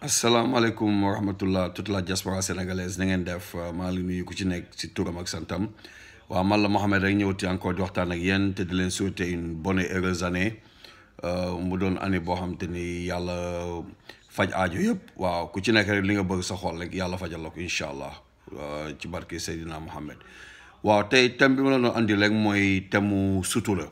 asalaamaaleykum wa rahmatullah toute la diaspora sénégalaise na ngeen def euh, maa li nuyu ku ci nekk si turam ak santam waaw man la Mohamed rek ñëwati encore di waxtaan ak yéen te di leen souhaiter une bonne et heureuse année euh, mu doon année boo xam te ni yàlla faj aajo yëpp waaw ku ci nekk li nga bëgg sa xol rek yàlla fajal la ko allah euh, ci barke Seydina Mohamed waaw tey thème bi ma la doon andi rek mooy thème mu la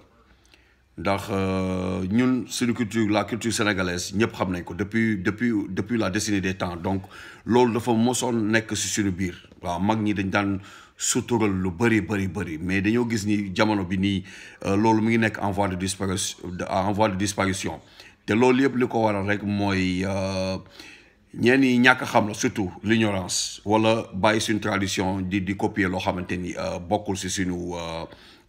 ndax euh, ñun suñu culture la culture sénégalaise ñëpp xam nañ ko depuis depuis depuis la décennie des temps donc loolu dafa mosoon nekk si suñu biir waa mag ñi dañu daan sutural lu bëri bëri bëri mais dañoo gis ni jamono bi nii euh, loolu mu ngi nekk en voie de disparition en voie de disparition te loolu yëpp li ko waral rek mooy euh, ñeen ñàkk xam na surtout l'ignorance wala bàyyi suñu tradition di di copier loo xamante ni bokkul si suñu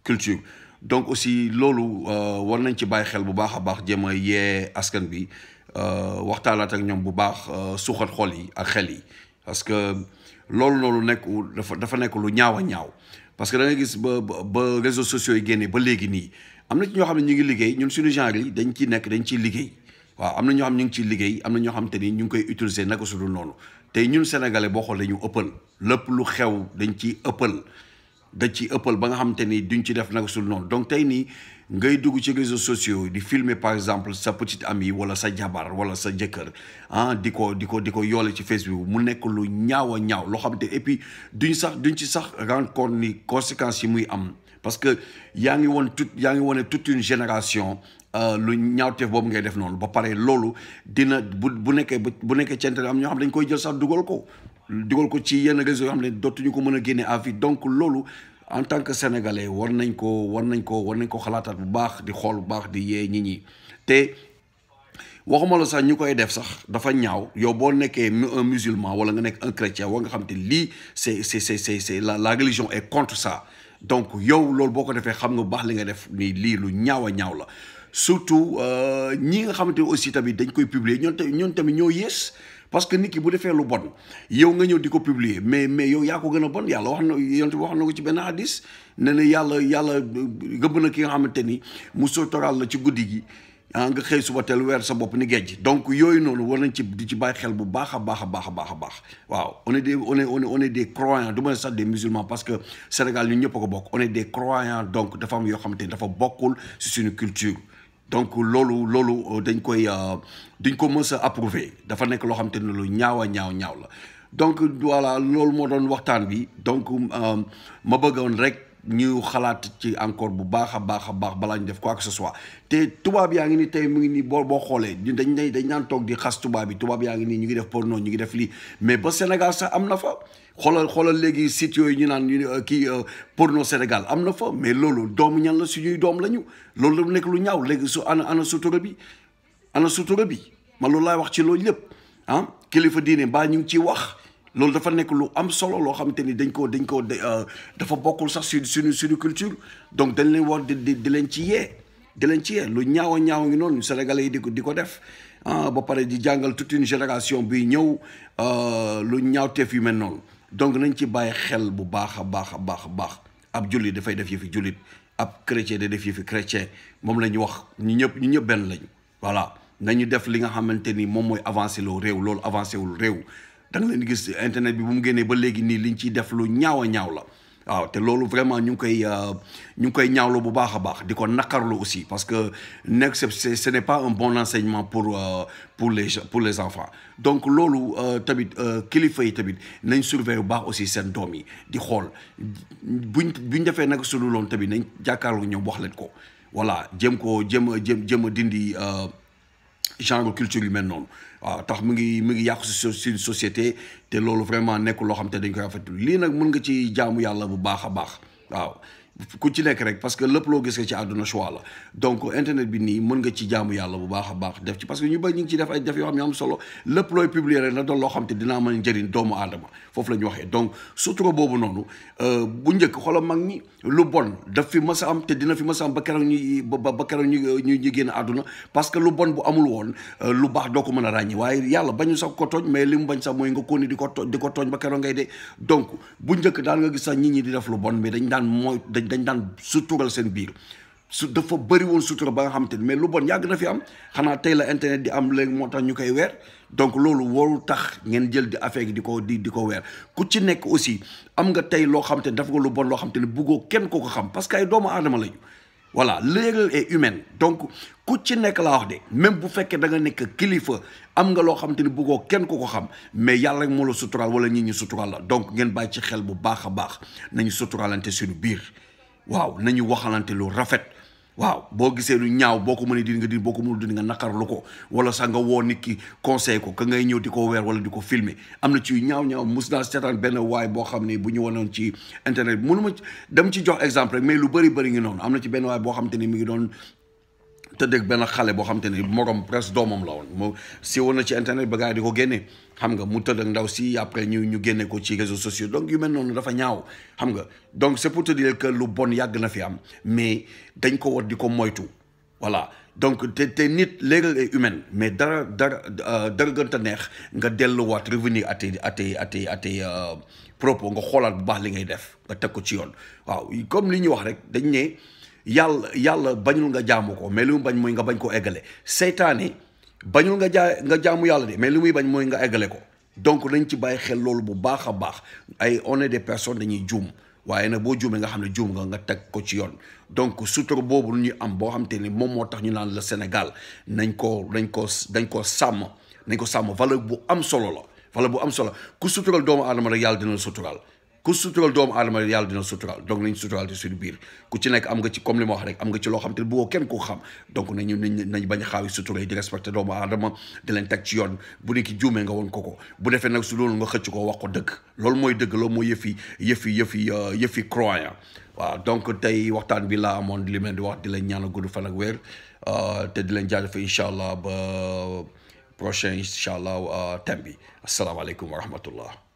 culture donc aussi loolu euh, war nañ ci bàyyi xel bu baax a baax jéem yee askan bi euh, waxtaanaat ak ñoom bu baax euh, suuxat xol yi ak xel yi parce que loolu loolu nekk dafa dafa nekk lu ñaaw a ñaaw parce que da gis ba ba réseaux sociaux yi génnee ba léegi nii am na ñoo xam ne ñu ngi liggéey ñun suñu genre yi dañ ci nekk dañ ciy liggéey waaw am na ñoo xam ñu ngi ciy liggéey am na ñoo xam te ni ñu ngi koy utiliser naka su noonu te ñun sénégalais boo xoolee ñu ëppal lépp lu xew dañ ciy ëppal da ci ëppal ba nga xamante ni duñ ci def nag sul noonu donc tey nii ngay dugg ci réseaux sociaux di filmer par exemple sa petite amie wala sa jabar wala sa jëkkër ah di ko di ko di ko yoole ci Facebook mu nekk lu ñaaw a ñaaw loo xam te et puis duñ sax duñ ci sax rendre compte ni conséquences yi muy am parce que yaa ngi woon tout yaa ngi wone toute une génération euh, lu ñaawteef boobu ngay def noonu ba pare loolu dina bu bu nekkee bu nekkee centre am ñoo xam dañ koy jël sax dugal ko dugal ko ci yenn réseau yoo xam ne dootuñu ko mën a génne à vie donc loolu en tant que sénégalais war nañ ko war nañ ko war nañ ko xalaataat bu baax di xool bu baax di yee ñi ñi te waxuma la sax ñu koy def sax dafa ñaaw yow boo nekkee un musulman wala nga nekk un chrétien war nga xam te lii c'est c'est c'est c'est la la religion contre ça donc yow loolu boo ko defee xam nga bu baax li nga def ni lii lu ñaaw a ñaaw la surtout euh, ñi nga xamante aussi tamit dañ koy publier ñoom tamit ñoom tamit ñoo yées parce que nit ki bu defee lu bon yow nga ñëw di ko publier mais mais yow yaa ko gën a bon yàlla wax na yonent bi wax na ko ci benn hadis ne na yàlla yàlla gëbb na ki nga xamante ni mu sootoral la ci guddi gi ah nga xëy suba teel weer sa bopp ni géej donc yooyu noonu war nañ ci di ci bàyyi xel bu baax a baax a baax a baax a baax waaw on est des on des croyants du ma sax parce que Sénégal ñun ñëpp a bokk on est des croyants donc dafa am yoo xamante ni dafa bokkul si suñu culture donc loolu loolu euh, dañ koy euh, dañ ko mës a dafa nekk loo xam te ne lu ñaaw a ñaaw ñaaw la donc voilà loolu moo doon waxtaan bi donc euh, ma bëggoon rek ñu xalaat ci encore bu baax a baax a baax balaa ñu def quoi que ce soit te tubaab yaa ngi ni tey mu ngi nii boo boo xoolee ñu dañ ne dañ naan toog di xas bi tubaab yaa ngi nii ñu ngi def porno ñu ngi def lii mais ba Sénégal sax am na fa xoolal xoolal léegi sites yooyu ñu naan ñu euh, kii euh, porno Sénégal am na fa mais loolu doomu ñan la suñuy doom la ñu loolu la nekk lu ñaaw léegi su ana ana sutura bi ana sutura bi ma loolu laay wax ci loolu lépp ah kilifa diine baa ñu ngi ciy wax loolu dafa nekk lu am solo loo xamante ni dañ koo dañ ko euh, dafa bokkul sax su suñu suñu culture donc dañ leen war di di di leen ci yee di leen ci lu ñaaw a ñaaw ngi noonu sénégalais yi di ko di ko def ah ba pare di jàngal toute une génération bi ñëw euh, lu ñaawteef yu mel noonu donc nañ ci bàyyi xel bu baax a baax a baax a baax ab jullit dafay def yëfi jullit ab chrétien de def yëfi chrétien moom la ñu wax ñu ñëpp ñu ñëpp benn lañu voilà nañu def li nga xamante ni moom mooy avancé loo réew loolu avancé wul réew da nga leen gis internet bi bu mu génnee ba léegi nii liñ ciy def lu ñaaw a ñaaw la waaw te loolu vraiment ñu ngi koy euh, ñu ngi koy ñaawlu bu baax a baax di ko naqarlu aussi parce que nekk ce n'est pas un bon enseignement pour euh, pour les pour les enfants donc loolu euh, tamit kilifay yi tamit nañ surveiller bu baax aussi seen doom yi di xool buñ buñ defee nag sulu loon tamit nañ jàkkaarloo ñoom wax leen ko voilà jëm ko jëm jëm jëm a dindi genre culture yu mel noonu waaw tax mu ngi mu ngi yàqu si si société te loolu vraiment nekkul loo xam te dañ koy rafetlu lii nag mën nga ci jaamu yàlla bu baax a baax waaw ku ci nekk rek parce que lépp loo gisee ci àdduna choix la donc internet bi nii mën nga ci jaamu yàlla bu baax a baax def ci parce que ñu ba ñu ngi ci def ay def yoo xam ne am solo lépp looy publier na doon loo xam te dinaa mën njëriñ doomu aadama foofu la waxee donc sutura euh, fi a am te dina fi mës a am ba keroog ñu ñu génn àdduna parce que lu bon bu amul woon euh, lu baax doo ko mën a ràññi waaye yàlla bañu sax ko tooñ mais li bañ sax mooy nga koni di ko tooñ ba keroog ngay dee donc bu njëkk daan nga gis sax nit ñi di def lu bon mais dañ dañ daan sutural seen biir su dafa bëri woon sutura ba nga xamante ni mais lu bon yàgg na fi am xanaa tey la internet di am léegi moo tax ñu koy weer donc loolu warul tax ngeen jël di affaire yi di ko di di ko weer ku ci nekk aussi am nga tey loo xam ni daf nga lu bon loo xamante ni buggoo kenn ko ko xam parce que doomu aadama lañu voilà l'erreur est donc ku ci nekk laa wax de même bu fekkee da nga nekk kilifa am nga loo xam ni bëggoo kenn ku ko xam mais yàlla moo la suturaal wala ñi ñu suturaal la donc ngeen bàyyi ci xel bu baax a baax nañu suturaalante suñu biir waaw na nañu waxalante loo rafet waaw boo gisee lu ñaaw boo ko mënee di nga di boo ko mënul di nga naqarlu ko wala sax nga woo nit ki conseil ko ka ngay ñëw di ko weer wala di ko filmer am na ci ñaaw ñaaw mus naa seetaan benn waay boo xam ne bu ñu wanoon ci internet mënuma dem ci jox exemple mais lu bëri bëri ngi noonu am na ci benn waay boo xam te ne ngi doon tëddeg benn xale boo xam te ne morom presque doomam loo moo si woon na ci internet ba gars di ko génnee xam nga mu tëdd ndaw si après ñu ñu génne ko ci réseaux sociaux donc yu mel noonu dafa ñaaw xam nga donc c'est pour te dire lu bon yàgg na fi am mais dañ ko war di ko moytu voilà donc te te nit l'erreur est humaine mais dara dara euh, dara gën a neex nga delluwaat revenir à tes à tes à euh, propos nga xoolaat bu baax li ngay def nga teg ko ci yoon waaw comme li ñuy wax rek dañ ne yàlla yàlla bañul nga jaamu ko mais lu mu bañ mooy nga bañ koo eggale seytaane bañul nga jaay nga jaamu yàlla de mais li muy bañ mooy nga eggale ko donc nañ ci bàyyi xel loolu bu baax a baax ay on est des personnes dañuy juum waaye nag boo juumee nga xam ne juum nga nga teg ko ci yoon donc sutur boobu ñu am boo xam te ni moom moo tax ñu naan la Sénégal nañ ko nañ ko dañ ko sàmm nañ ko sàmm valeur bu am solo la valeur bu am solo ku sutural doomu aadama rek yàlla dina la sutural ku sutural doomu aadama yàlla dina sutural donc nañ sutural te suñu biir ku ci nekk am nga ci comme li ma wax rek am nga ci loo xam te bu ko kenn ko donc nañu bañ a xaawi sutura di respecté doomu aadama di leen teg ci yoon bu nekk ki juumee nga woon ko ko bu defee nag su loolu nga xëcc ko wax ko dëgg loolu mooy dëgg loolu mooy yëfi yëfi yëfi euh, yëfi croyant waaw donc tey waxtaan bi laa amoon li meen di wax di leen ñaan gudd fan ak weer euh, te di lañ jaajëfal incha allah ba euh, prochain incha allah thème bi asalaamaaleykum wa rahmatullah